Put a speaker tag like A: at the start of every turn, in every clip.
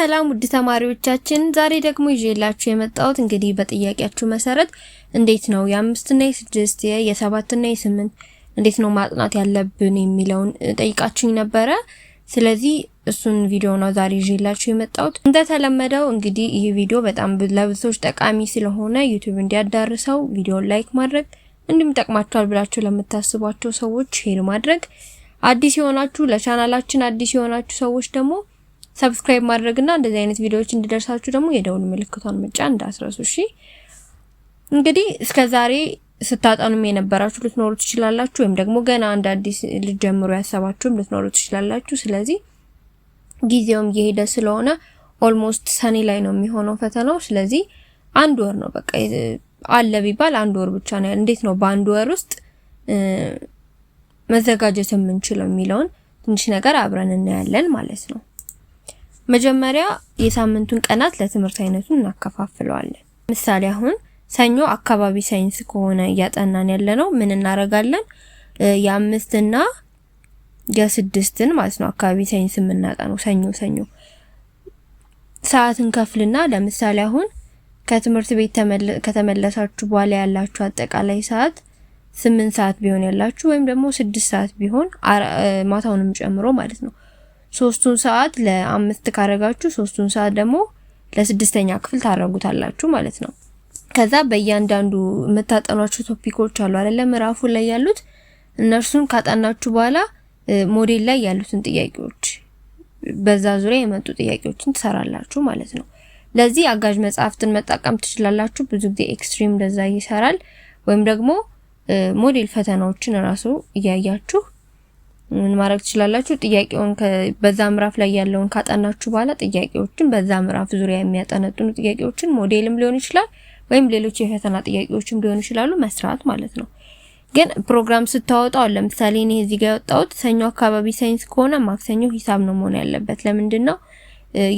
A: ሰላም ውድ ተማሪዎቻችን፣ ዛሬ ደግሞ ይዤላችሁ የመጣሁት እንግዲህ በጥያቄያችሁ መሰረት እንዴት ነው የአምስት እና የስድስት የሰባት እና የስምንት እንዴት ነው ማጥናት ያለብን የሚለውን ጠይቃችሁኝ ነበረ። ስለዚህ እሱን ቪዲዮ ነው ዛሬ ይዤላችሁ የመጣሁት። እንደተለመደው እንግዲህ ይህ ቪዲዮ በጣም ለብዙዎች ጠቃሚ ስለሆነ ዩቲዩብ እንዲያዳርሰው ቪዲዮን ላይክ ማድረግ እንዲሁም ጠቅማችኋል ብላችሁ ለምታስቧቸው ሰዎች ሼር ማድረግ አዲስ የሆናችሁ ለቻናላችን አዲስ የሆናችሁ ሰዎች ደግሞ ሰብስክራይብ ማድረግና እንደዚህ አይነት ቪዲዮዎች እንዲደርሳችሁ ደግሞ የደውል ምልክቷን መጫን እንዳስረሱ። እሺ እንግዲህ እስከዛሬ ስታጠኑም የነበራችሁ ልትኖሩ ትችላላችሁ፣ ወይም ደግሞ ገና አንድ አዲስ ልትጀምሩ ያሰባችሁም ልትኖሩ ትችላላችሁ። ስለዚህ ጊዜውም እየሄደ ስለሆነ ኦልሞስት ሰኔ ላይ ነው የሚሆነው ፈተናው። ስለዚህ አንድ ወር ነው በቃ አለ ቢባል አንድ ወር ብቻ ነው። እንዴት ነው በአንድ ወር ውስጥ መዘጋጀት የምንችለው የሚለውን ትንሽ ነገር አብረን እናያለን ማለት ነው። መጀመሪያ የሳምንቱን ቀናት ለትምህርት አይነቱን እናከፋፍለዋለን። ምሳሌ አሁን ሰኞ አካባቢ ሳይንስ ከሆነ እያጠናን ያለ ነው፣ ምን እናደርጋለን? የአምስትና የስድስትን ማለት ነው አካባቢ ሳይንስ የምናጠነው ሰኞ ሰኞ ሰዓትን ከፍልና ለምሳሌ አሁን ከትምህርት ቤት ከተመለሳችሁ በኋላ ያላችሁ አጠቃላይ ሰዓት ስምንት ሰዓት ቢሆን ያላችሁ ወይም ደግሞ ስድስት ሰዓት ቢሆን ማታውንም ጨምሮ ማለት ነው ሶስቱን ሰዓት ለአምስት ካረጋችሁ ሶስቱን ሰዓት ደግሞ ለስድስተኛ ክፍል ታረጉታላችሁ ማለት ነው። ከዛ በእያንዳንዱ የምታጠኗቸው ቶፒኮች አሉ አይደለ? ምዕራፉ ላይ ያሉት እነርሱን ካጠናችሁ በኋላ ሞዴል ላይ ያሉትን ጥያቄዎች በዛ ዙሪያ የመጡ ጥያቄዎችን ትሰራላችሁ ማለት ነው። ለዚህ አጋዥ መጽሐፍትን መጠቀም ትችላላችሁ። ብዙ ጊዜ ኤክስትሪም ለዛ ይሰራል። ወይም ደግሞ ሞዴል ፈተናዎችን እራሱ እያያችሁ ምን ማድረግ ትችላላችሁ? ጥያቄውን በዛ ምዕራፍ ላይ ያለውን ካጠናችሁ በኋላ ጥያቄዎችን በዛ ምዕራፍ ዙሪያ የሚያጠነጥኑ ጥያቄዎችን ሞዴልም ሊሆን ይችላል ወይም ሌሎች የፈተና ጥያቄዎችም ሊሆኑ ይችላሉ መስራት ማለት ነው። ግን ፕሮግራም ስታወጣው ለምሳሌ እኔ እዚህ ጋር ያወጣሁት ሰኞ አካባቢ ሳይንስ ከሆነ ማክሰኞ ሂሳብ ነው መሆን ያለበት። ለምንድን ነው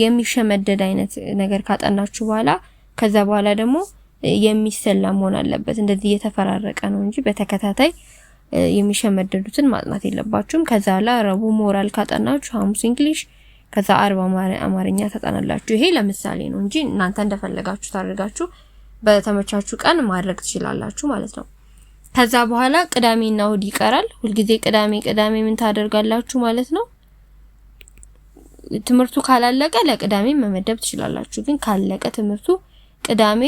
A: የሚሸመደድ አይነት ነገር ካጠናችሁ በኋላ ከዛ በኋላ ደግሞ የሚሰላ መሆን አለበት። እንደዚህ እየተፈራረቀ ነው እንጂ በተከታታይ የሚሸመደዱትን ማጥናት የለባችሁም። ከዛ ላ ረቡ ሞራል ካጠናችሁ ሐሙስ እንግሊሽ ከዛ አርባ አማርኛ ታጠናላችሁ። ይሄ ለምሳሌ ነው እንጂ እናንተ እንደፈለጋችሁ ታደርጋችሁ በተመቻችሁ ቀን ማድረግ ትችላላችሁ ማለት ነው። ከዛ በኋላ ቅዳሜና እሁድ ይቀራል። ሁልጊዜ ቅዳሜ ቅዳሜ ምን ታደርጋላችሁ ማለት ነው። ትምህርቱ ካላለቀ ለቅዳሜ መመደብ ትችላላችሁ። ግን ካለቀ ትምህርቱ ቅዳሜ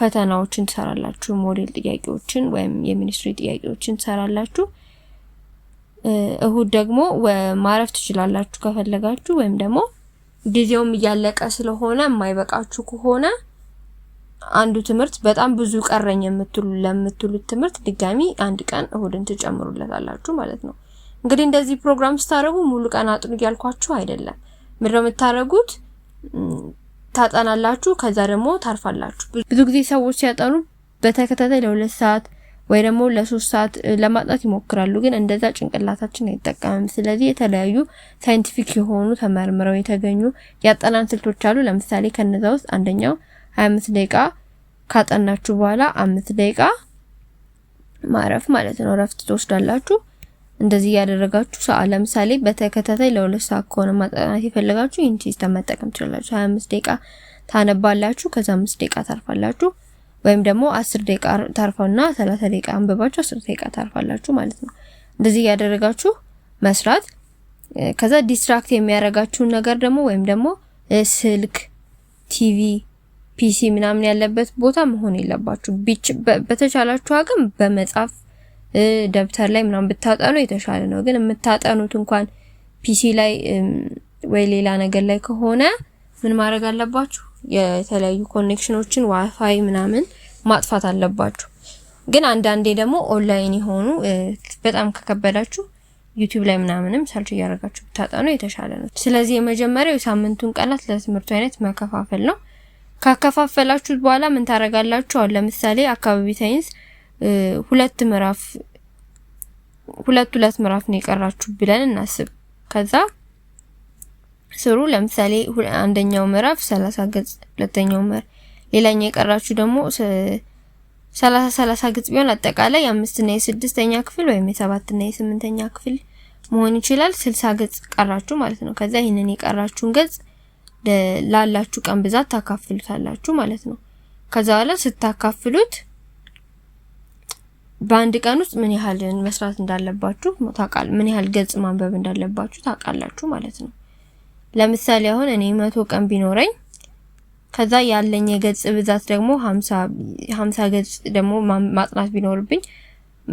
A: ፈተናዎችን ትሰራላችሁ፣ ሞዴል ጥያቄዎችን ወይም የሚኒስትሪ ጥያቄዎችን ትሰራላችሁ። እሁድ ደግሞ ማረፍ ትችላላችሁ ከፈለጋችሁ፣ ወይም ደግሞ ጊዜውም እያለቀ ስለሆነ የማይበቃችሁ ከሆነ አንዱ ትምህርት በጣም ብዙ ቀረኝ የምትሉ ለምትሉት ትምህርት ድጋሚ አንድ ቀን እሁድን ትጨምሩለታላችሁ ማለት ነው። እንግዲህ እንደዚህ ፕሮግራም ስታደርጉ ሙሉ ቀን አጥኑ እያልኳችሁ አይደለም። ምንድነው የምታደርጉት? ታጠናላችሁ፣ ከዛ ደግሞ ታርፋላችሁ። ብዙ ጊዜ ሰዎች ሲያጠኑ በተከታታይ ለሁለት ሰዓት ወይ ደግሞ ለሶስት ሰዓት ለማጥናት ይሞክራሉ፣ ግን እንደዛ ጭንቅላታችን አይጠቀምም። ስለዚህ የተለያዩ ሳይንቲፊክ የሆኑ ተመርምረው የተገኙ ያጠናን ስልቶች አሉ። ለምሳሌ ከነዛ ውስጥ አንደኛው 25 ደቂቃ ካጠናችሁ በኋላ አምስት ደቂቃ ማረፍ ማለት ነው፣ እረፍት ትወስዳላችሁ። እንደዚህ እያደረጋችሁ ሰዓት ለምሳሌ በተከታታይ ለሁለት ሰዓት ከሆነ ማጠናት የፈለጋችሁ ይህን ሲስተም መጠቀም ትችላላችሁ። 25 ደቂቃ ታነባላችሁ፣ ከዛ 5 ደቂቃ ታርፋላችሁ። ወይም ደግሞ 10 ደቂቃ ታርፋውና 30 ደቂቃ አንብባችሁ 10 ደቂቃ ታርፋላችሁ ማለት ነው። እንደዚህ እያደረጋችሁ መስራት ከዛ ዲስትራክት የሚያደርጋችሁን ነገር ደግሞ ወይም ደግሞ ስልክ፣ ቲቪ፣ ፒሲ ምናምን ያለበት ቦታ መሆን የለባችሁ። በተቻላችሁ አቅም በመጻፍ ደብተር ላይ ምናምን ብታጠኑ የተሻለ ነው። ግን የምታጠኑት እንኳን ፒሲ ላይ ወይ ሌላ ነገር ላይ ከሆነ ምን ማድረግ አለባችሁ? የተለያዩ ኮኔክሽኖችን ዋይፋይ ምናምን ማጥፋት አለባችሁ። ግን አንዳንዴ ደግሞ ኦንላይን የሆኑ በጣም ከከበዳችሁ ዩቲዩብ ላይ ምናምንም ሰርች እያደረጋችሁ ብታጠኑ የተሻለ ነው። ስለዚህ የመጀመሪያው የሳምንቱን ቀናት ለትምህርቱ አይነት መከፋፈል ነው። ካከፋፈላችሁ በኋላ ምን ታደርጋላችሁ? አሁን ለምሳሌ አካባቢ ሳይንስ ሁለት ምዕራፍ ሁለት ሁለት ምዕራፍ ነው የቀራችሁ ብለን እናስብ። ከዛ ስሩ። ለምሳሌ አንደኛው ምዕራፍ 30 ገጽ፣ ሁለተኛው ምዕራፍ ሌላኛው የቀራችሁ ደግሞ 30 30 ገጽ ቢሆን አጠቃላይ የአምስትና የስድስተኛ ክፍል ወይም የሰባት የስምንተኛ ክፍል መሆን ይችላል። 60 ገጽ ቀራችሁ ማለት ነው። ከዛ ይህንን የቀራችሁን ገጽ ላላችሁ ቀን ብዛት ታካፍሉታላችሁ ማለት ነው። ከዛ በኋላ ስታካፍሉት በአንድ ቀን ውስጥ ምን ያህልን መስራት እንዳለባችሁ ታውቃል፣ ምን ያህል ገጽ ማንበብ እንዳለባችሁ ታውቃላችሁ ማለት ነው። ለምሳሌ አሁን እኔ መቶ ቀን ቢኖረኝ ከዛ ያለኝ የገጽ ብዛት ደግሞ 50 ገጽ ደግሞ ማጥናት ቢኖርብኝ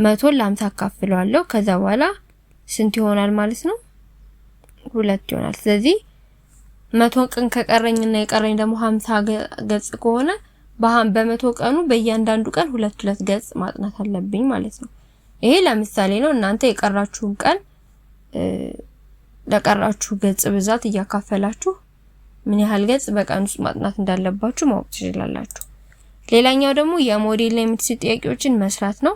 A: መቶ ለሀምሳ አካፍለዋለሁ። ከዛ በኋላ ስንት ይሆናል ማለት ነው? ሁለት ይሆናል። ስለዚህ መቶ ቀን ከቀረኝና የቀረኝ ደግሞ 50 ገጽ ከሆነ በመቶ ቀኑ በእያንዳንዱ ቀን ሁለት ሁለት ገጽ ማጥናት አለብኝ ማለት ነው። ይሄ ለምሳሌ ነው። እናንተ የቀራችሁን ቀን ለቀራችሁ ገጽ ብዛት እያካፈላችሁ ምን ያህል ገጽ በቀን ውስጥ ማጥናት እንዳለባችሁ ማወቅ ትችላላችሁ። ሌላኛው ደግሞ የሞዴል ላይ የምትስል ጥያቄዎችን መስራት ነው።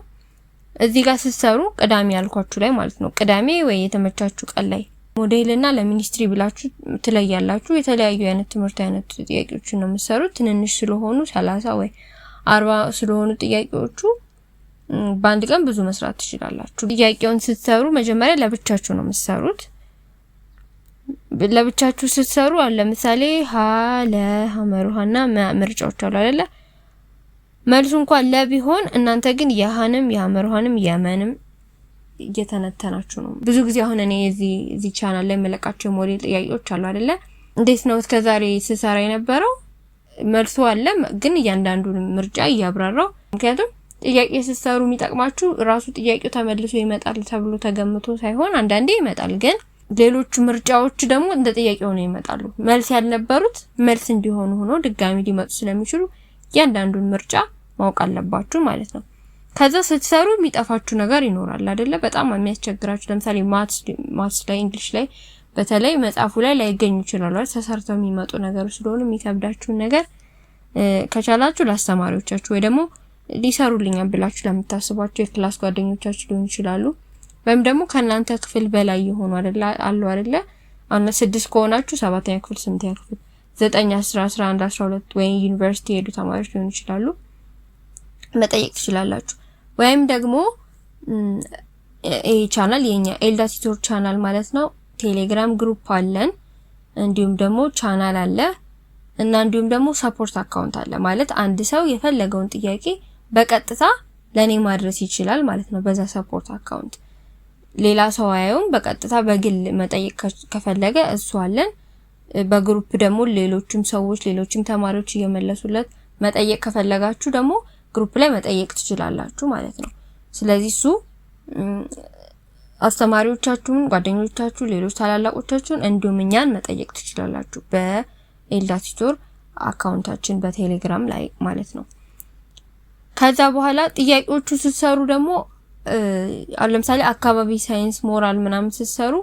A: እዚህ ጋር ስትሰሩ ቅዳሜ ያልኳችሁ ላይ ማለት ነው። ቅዳሜ ወይ የተመቻችሁ ቀን ላይ ሞዴል እና ለሚኒስትሪ ብላችሁ ትለያላችሁ። የተለያዩ አይነት ትምህርት አይነት ጥያቄዎችን ነው የምትሰሩት። ትንንሽ ስለሆኑ ሰላሳ ወይ አርባ ስለሆኑ ጥያቄዎቹ በአንድ ቀን ብዙ መስራት ትችላላችሁ። ጥያቄውን ስትሰሩ መጀመሪያ ለብቻችሁ ነው የምትሰሩት። ለብቻችሁ ስትሰሩ ለምሳሌ ሀ ለ ሐመር ምርጫዎች አሉ አይደለ? መልሱ እንኳን ለቢሆን እናንተ ግን የሀንም የሐመር ውሃንም የመንም እየተነተናችሁ ነው። ብዙ ጊዜ አሁን እኔ የዚህ ቻናል ላይ የምለቃቸው የሞዴል ጥያቄዎች አሉ አይደለ? እንዴት ነው እስከዛሬ ስሰራ የነበረው መልሶ አለ፣ ግን እያንዳንዱን ምርጫ እያብራራው። ምክንያቱም ጥያቄ ስትሰሩ የሚጠቅማችሁ ራሱ ጥያቄው ተመልሶ ይመጣል ተብሎ ተገምቶ ሳይሆን አንዳንዴ ይመጣል፣ ግን ሌሎቹ ምርጫዎች ደግሞ እንደ ጥያቄ ሆነው ይመጣሉ። መልስ ያልነበሩት መልስ እንዲሆኑ ሆኖ ድጋሚ ሊመጡ ስለሚችሉ እያንዳንዱን ምርጫ ማወቅ አለባችሁ ማለት ነው። ከዛ ስትሰሩ የሚጠፋችሁ ነገር ይኖራል አይደለ? በጣም የሚያስቸግራችሁ ለምሳሌ ማትስ ላይ እንግሊሽ ላይ በተለይ መጽሐፉ ላይ ላይገኙ ይችላሉ አይደል? ተሰርተው የሚመጡ ነገሮች ስለሆኑ የሚከብዳችሁን ነገር ከቻላችሁ ለአስተማሪዎቻችሁ ወይ ደግሞ ሊሰሩልኛል ብላችሁ ለምታስቧቸው የክላስ ጓደኞቻችሁ ሊሆን ይችላሉ። ወይም ደግሞ ከእናንተ ክፍል በላይ የሆኑ አይደለ አሉ አይደለ? አሁን ስድስት ከሆናችሁ ሰባተኛ ክፍል፣ ስምንተኛ ክፍል፣ ዘጠኝ፣ አስራ፣ አስራ አንድ፣ አስራ ሁለት ወይም ዩኒቨርሲቲ የሄዱ ተማሪዎች ሊሆን ይችላሉ መጠየቅ ትችላላችሁ። ወይም ደግሞ ይህ ቻናል የኛ ኤልዳ ቲቶር ቻናል ማለት ነው። ቴሌግራም ግሩፕ አለን፣ እንዲሁም ደግሞ ቻናል አለ እና እንዲሁም ደግሞ ሰፖርት አካውንት አለ። ማለት አንድ ሰው የፈለገውን ጥያቄ በቀጥታ ለኔ ማድረስ ይችላል ማለት ነው በዛ ሰፖርት አካውንት። ሌላ ሰው አያዩም፣ በቀጥታ በግል መጠየቅ ከፈለገ እሱ አለን። በግሩፕ ደግሞ ሌሎችም ሰዎች ሌሎችም ተማሪዎች እየመለሱለት መጠየቅ ከፈለጋችሁ ደግሞ ግሩፕ ላይ መጠየቅ ትችላላችሁ ማለት ነው። ስለዚህ እሱ አስተማሪዎቻችሁን፣ ጓደኞቻችሁ፣ ሌሎች ታላላቆቻችሁን እንዲሁም እኛን መጠየቅ ትችላላችሁ በኤልዳ ቲቶር አካውንታችን በቴሌግራም ላይ ማለት ነው። ከዛ በኋላ ጥያቄዎቹ ስትሰሩ ደግሞ ለምሳሌ አካባቢ ሳይንስ፣ ሞራል ምናምን ስትሰሩ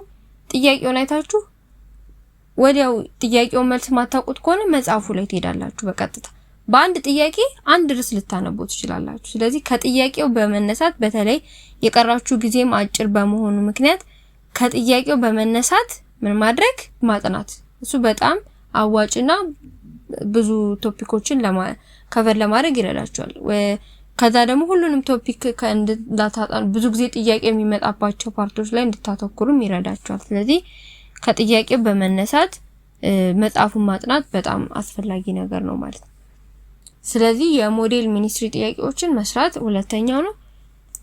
A: ጥያቄውን አይታችሁ ወዲያው ጥያቄውን መልስ ማታውቁት ከሆነ መጽሐፉ ላይ ትሄዳላችሁ በቀጥታ በአንድ ጥያቄ አንድ ርዕስ ልታነቡ ትችላላችሁ። ስለዚህ ከጥያቄው በመነሳት በተለይ የቀራችሁ ጊዜም አጭር በመሆኑ ምክንያት ከጥያቄው በመነሳት ምን ማድረግ ማጥናት፣ እሱ በጣም አዋጭና ብዙ ቶፒኮችን ከቨር ለማድረግ ይረዳችኋል። ከዛ ደግሞ ሁሉንም ቶፒክ እንዳታጣኑ ብዙ ጊዜ ጥያቄ የሚመጣባቸው ፓርቶች ላይ እንድታተኩሩም ይረዳችኋል። ስለዚህ ከጥያቄው በመነሳት መጽሐፉን ማጥናት በጣም አስፈላጊ ነገር ነው ማለት ነው። ስለዚህ የሞዴል ሚኒስትሪ ጥያቄዎችን መስራት ሁለተኛው ነው።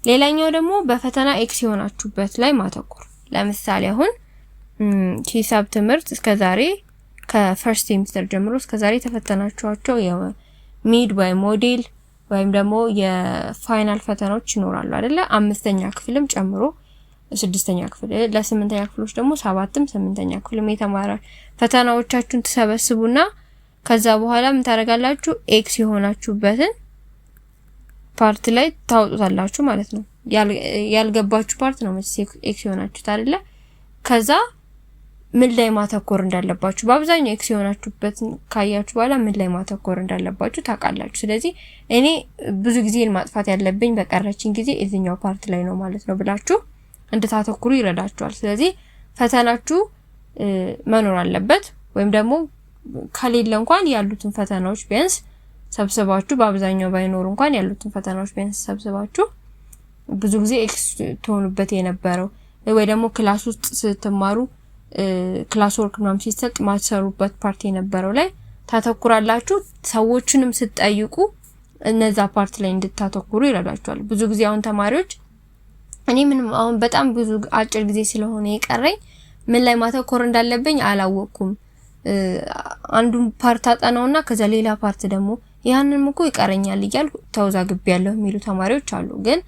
A: ሌላኛው ደግሞ በፈተና ኤክስ የሆናችሁበት ላይ ማተኮር። ለምሳሌ አሁን ሂሳብ ትምህርት እስከዛሬ ከፈርስት ሴሚስተር ጀምሮ እስከዛሬ ተፈተናችኋቸው የሚድ ወይ ሞዴል ወይም ደግሞ የፋይናል ፈተናዎች ይኖራሉ አይደለ? አምስተኛ ክፍልም ጨምሮ ስድስተኛ ክፍል ለስምንተኛ ክፍሎች ደግሞ ሰባትም ስምንተኛ ክፍልም የተማራ ፈተናዎቻችሁን ትሰበስቡና ከዛ በኋላ ምን ታደርጋላችሁ? ኤክስ የሆናችሁበትን ፓርት ላይ ታውጡታላችሁ ማለት ነው። ያልገባችሁ ፓርት ነው መቼስ ኤክስ የሆናችሁት አይደለ? ከዛ ምን ላይ ማተኮር እንዳለባችሁ በአብዛኛው ኤክስ የሆናችሁበትን ካያችሁ በኋላ ምን ላይ ማተኮር እንዳለባችሁ ታውቃላችሁ። ስለዚህ እኔ ብዙ ጊዜን ማጥፋት ያለብኝ በቀረችን ጊዜ እዚህኛው ፓርት ላይ ነው ማለት ነው ብላችሁ እንድታተኩሩ ይረዳችኋል። ስለዚህ ፈተናችሁ መኖር አለበት ወይም ደግሞ ከሌለ እንኳን ያሉትን ፈተናዎች ቢያንስ ሰብስባችሁ በአብዛኛው ባይኖሩ እንኳን ያሉትን ፈተናዎች ቢያንስ ሰብስባችሁ ብዙ ጊዜ ኤክስ ትሆኑበት የነበረው ወይ ደግሞ ክላስ ውስጥ ስትማሩ ክላስ ወርክ ምናምን ሲሰጥ ማትሰሩበት ፓርት የነበረው ላይ ታተኩራላችሁ። ሰዎችንም ስትጠይቁ እነዛ ፓርት ላይ እንድታተኩሩ ይረዳችኋል። ብዙ ጊዜ አሁን ተማሪዎች እኔ ምንም አሁን በጣም ብዙ አጭር ጊዜ ስለሆነ የቀረኝ ምን ላይ ማተኮር እንዳለብኝ አላወቅኩም አንዱን ፓርት አጠናውና ከዛ ሌላ ፓርት ደግሞ ያንንም እኮ ይቀረኛል እያል ተወዛግብ ያለው የሚሉ ተማሪዎች አሉ። ግን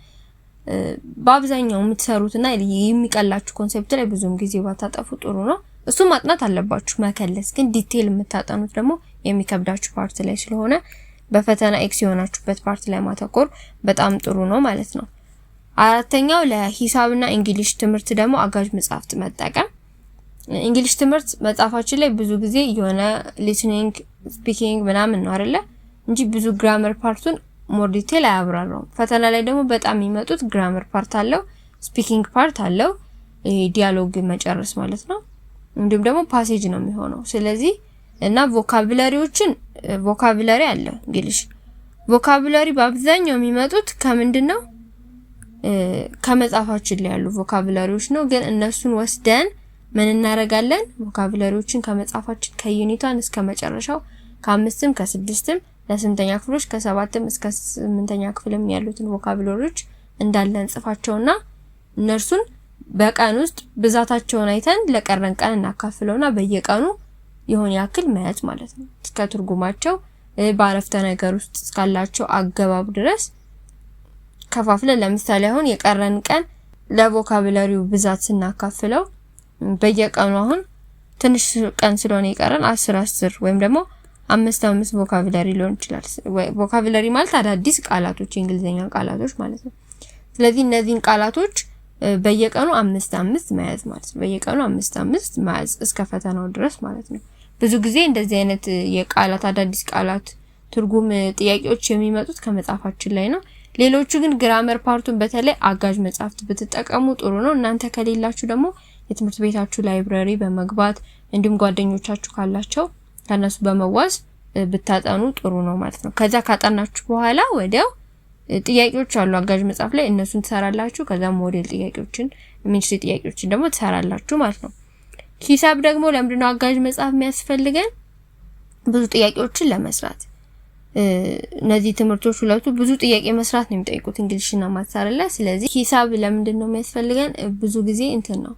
A: በአብዛኛው የምትሰሩትና የሚቀላችሁ ኮንሴፕት ላይ ብዙም ጊዜ ባታጠፉ ጥሩ ነው። እሱ ማጥናት አለባችሁ መከለስ። ግን ዲቴል የምታጠኑት ደግሞ የሚከብዳችሁ ፓርት ላይ ስለሆነ በፈተና ኤክስ የሆናችሁበት ፓርት ላይ ማተኮር በጣም ጥሩ ነው ማለት ነው። አራተኛው ለሂሳብና እንግሊሽ ትምህርት ደግሞ አጋዥ መጽሐፍት መጠቀም እንግሊሽ ትምህርት መጽሐፋችን ላይ ብዙ ጊዜ የሆነ ሊስኒንግ ስፒኪንግ ምናምን ነው አይደለ እንጂ ብዙ ግራመር ፓርቱን ሞር ዲቴል አያብራራውም። ፈተና ላይ ደግሞ በጣም የሚመጡት ግራመር ፓርት አለው፣ ስፒኪንግ ፓርት አለው፣ ዲያሎግ መጨረስ ማለት ነው። እንዲሁም ደግሞ ፓሴጅ ነው የሚሆነው። ስለዚህ እና ቮካቡላሪዎችን ቮካቡላሪ አለ እንግሊሽ ቮካቡላሪ በአብዛኛው የሚመጡት ከምንድን ነው? ከመጽሐፋችን ላይ ያሉ ቮካቡላሪዎች ነው። ግን እነሱን ወስደን ምን እናደርጋለን? ቮካብለሪዎችን ከመጻፋችን ከዩኒቷን እስከ መጨረሻው ከአምስትም ከስድስትም ለስምንተኛ ክፍሎች ከሰባትም እስከ ስምንተኛ ክፍልም ያሉትን ቮካብለሪዎች እንዳለ እንጽፋቸውና እነርሱን በቀን ውስጥ ብዛታቸውን አይተን ለቀረን ቀን እናካፍለውና በየቀኑ የሆነ ያክል መያዝ ማለት ነው። እስከ ትርጉማቸው በአረፍተ ነገር ውስጥ እስካላቸው አገባብ ድረስ ከፋፍለን ለምሳሌ አሁን የቀረን ቀን ለቮካብለሪው ብዛት ስናካፍለው በየቀኑ አሁን ትንሽ ቀን ስለሆነ ይቀረን አስር አስር ወይም ደግሞ አምስት አምስት ቮካቡላሪ ሊሆን ይችላል። ቮካቡላሪ ማለት አዳዲስ ቃላቶች የእንግሊዝኛ ቃላቶች ማለት ነው። ስለዚህ እነዚህን ቃላቶች በየቀኑ አምስት አምስት መያዝ ማለት ነው። በየቀኑ አምስት አምስት መያዝ እስከ ፈተናው ድረስ ማለት ነው። ብዙ ጊዜ እንደዚህ አይነት የቃላት አዳዲስ ቃላት ትርጉም ጥያቄዎች የሚመጡት ከመጽሐፋችን ላይ ነው። ሌሎቹ ግን ግራመር ፓርቱን በተለይ አጋዥ መጽሐፍት ብትጠቀሙ ጥሩ ነው። እናንተ ከሌላችሁ ደግሞ የትምህርት ቤታችሁ ላይብረሪ በመግባት እንዲሁም ጓደኞቻችሁ ካላቸው ከነሱ በመዋዝ ብታጠኑ ጥሩ ነው ማለት ነው። ከዛ ካጠናችሁ በኋላ ወዲያው ጥያቄዎች አሉ አጋዥ መጽሐፍ ላይ እነሱን ትሰራላችሁ። ከዛ ሞዴል ጥያቄዎችን፣ ሚኒስትሪ ጥያቄዎችን ደግሞ ትሰራላችሁ ማለት ነው። ሂሳብ ደግሞ ለምንድነው አጋዥ መጽሐፍ የሚያስፈልገን? ብዙ ጥያቄዎችን ለመስራት እነዚህ ትምህርቶች ሁለቱ ብዙ ጥያቄ መስራት ነው የሚጠይቁት እንግሊሽና ማትሳርላ። ስለዚህ ሂሳብ ለምንድን ነው የሚያስፈልገን? ብዙ ጊዜ እንትን ነው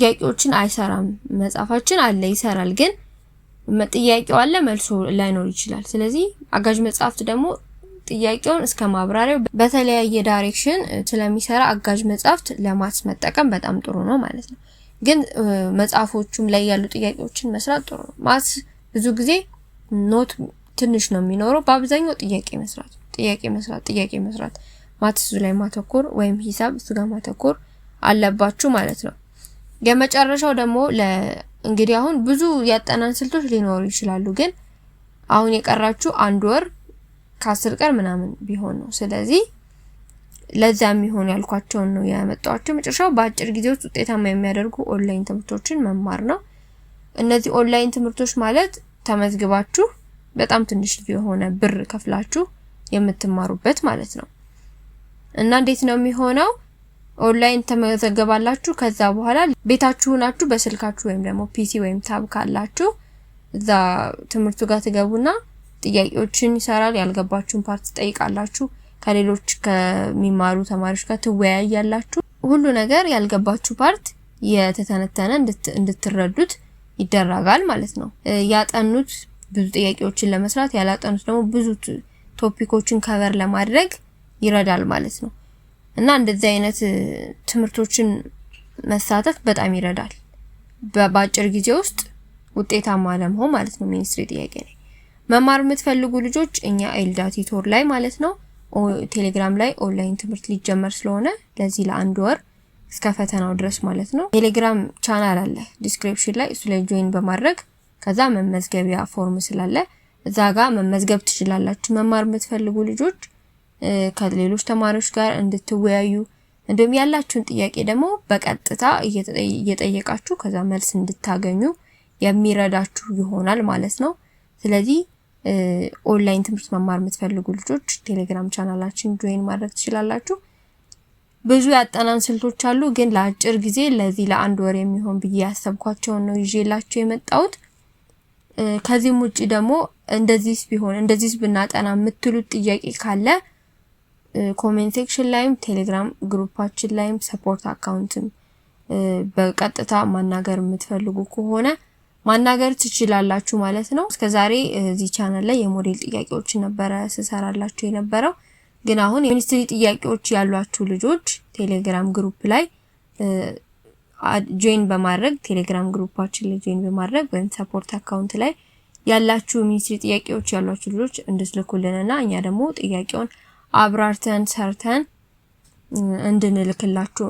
A: ጥያቄዎችን አይሰራም። መጽሐፋችን አለ ይሰራል፣ ግን ጥያቄው አለ መልሶ ላይኖር ይችላል። ስለዚህ አጋዥ መጽሐፍት ደግሞ ጥያቄውን እስከ ማብራሪያው በተለያየ ዳይሬክሽን ስለሚሰራ አጋዥ መጽሐፍት ለማትስ መጠቀም በጣም ጥሩ ነው ማለት ነው። ግን መጽሐፎቹም ላይ ያሉ ጥያቄዎችን መስራት ጥሩ ነው። ማትስ ብዙ ጊዜ ኖት ትንሽ ነው የሚኖረው። በአብዛኛው ጥያቄ መስራት ጥያቄ መስራት ጥያቄ መስራት ማትስ ላይ ማተኮር ወይም ሂሳብ እሱ ጋር ማተኮር አለባችሁ ማለት ነው። የመጨረሻው ደግሞ እንግዲህ አሁን ብዙ ያጠናን ስልቶች ሊኖሩ ይችላሉ፣ ግን አሁን የቀራችሁ አንድ ወር ከአስር ቀን ምናምን ቢሆን ነው። ስለዚህ ለዛ የሚሆን ያልኳቸውን ነው ያመጣኋቸው። መጨረሻው በአጭር ጊዜ ውስጥ ውጤታማ የሚያደርጉ ኦንላይን ትምህርቶችን መማር ነው። እነዚህ ኦንላይን ትምህርቶች ማለት ተመዝግባችሁ በጣም ትንሽ የሆነ ብር ከፍላችሁ የምትማሩበት ማለት ነው እና እንዴት ነው የሚሆነው? ኦንላይን ተመዘገባላችሁ። ከዛ በኋላ ቤታችሁ ሆናችሁ በስልካችሁ ወይም ደግሞ ፒሲ ወይም ታብ ካላችሁ እዛ ትምህርቱ ጋር ትገቡና ጥያቄዎችን ይሰራል። ያልገባችሁን ፓርት ትጠይቃላችሁ። ከሌሎች ከሚማሩ ተማሪዎች ጋር ትወያያላችሁ። ሁሉ ነገር ያልገባችሁ ፓርት የተተነተነ እንድትረዱት ይደረጋል ማለት ነው። ያጠኑት ብዙ ጥያቄዎችን ለመስራት ያላጠኑት ደግሞ ብዙ ቶፒኮችን ከቨር ለማድረግ ይረዳል ማለት ነው። እና እንደዚህ አይነት ትምህርቶችን መሳተፍ በጣም ይረዳል። በአጭር ጊዜ ውስጥ ውጤታማ ለመሆን ማለት ነው። ሚኒስትሪ ጥያቄ ላይ መማር የምትፈልጉ ልጆች እኛ ኤልዳ ቲቶር ላይ ማለት ነው ቴሌግራም ላይ ኦንላይን ትምህርት ሊጀመር ስለሆነ ለዚህ ለአንድ ወር እስከ ፈተናው ድረስ ማለት ነው ቴሌግራም ቻናል አለ ዲስክሪፕሽን ላይ እሱ ላይ ጆይን በማድረግ ከዛ መመዝገቢያ ፎርም ስላለ እዛ ጋር መመዝገብ ትችላላችሁ። መማር የምትፈልጉ ልጆች ከሌሎች ተማሪዎች ጋር እንድትወያዩ እንዲሁም ያላችሁን ጥያቄ ደግሞ በቀጥታ እየጠየቃችሁ ከዛ መልስ እንድታገኙ የሚረዳችሁ ይሆናል ማለት ነው። ስለዚህ ኦንላይን ትምህርት መማር የምትፈልጉ ልጆች ቴሌግራም ቻናላችን ጆይን ማድረግ ትችላላችሁ። ብዙ ያጠናን ስልቶች አሉ፣ ግን ለአጭር ጊዜ ለዚህ ለአንድ ወር የሚሆን ብዬ ያሰብኳቸውን ነው ይዤላቸው የመጣሁት። ከዚህም ውጭ ደግሞ እንደዚህ ቢሆን እንደዚህ ብናጠና የምትሉት ጥያቄ ካለ ኮሜንት ሴክሽን ላይም ቴሌግራም ግሩፓችን ላይም ሰፖርት አካውንትም በቀጥታ ማናገር የምትፈልጉ ከሆነ ማናገር ትችላላችሁ ማለት ነው። እስከዛሬ እዚህ ቻናል ላይ የሞዴል ጥያቄዎች ነበረ ስሰራላችሁ የነበረው ግን አሁን የሚኒስትሪ ጥያቄዎች ያሏችሁ ልጆች ቴሌግራም ግሩፕ ላይ ጆይን በማድረግ ቴሌግራም ግሩፓችን ላይ ጆይን በማድረግ ወይም ሰፖርት አካውንት ላይ ያላችሁ ሚኒስትሪ ጥያቄዎች ያሏችሁ ልጆች እንድትልኩልንና እኛ ደግሞ ጥያቄውን አብራርተን ሰርተን እንድንልክላችሁ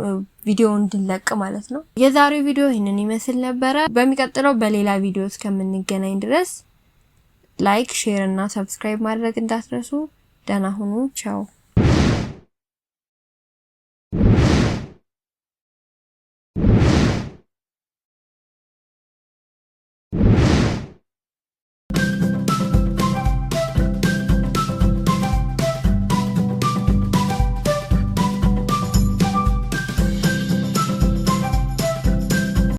A: ቪዲዮ እንድንለቅ ማለት ነው። የዛሬው ቪዲዮ ይህንን ይመስል ነበረ። በሚቀጥለው በሌላ ቪዲዮ እስከምንገናኝ ድረስ ላይክ፣ ሼር እና ሰብስክራይብ ማድረግ እንዳትረሱ። ደህና ሁኑ። ቻው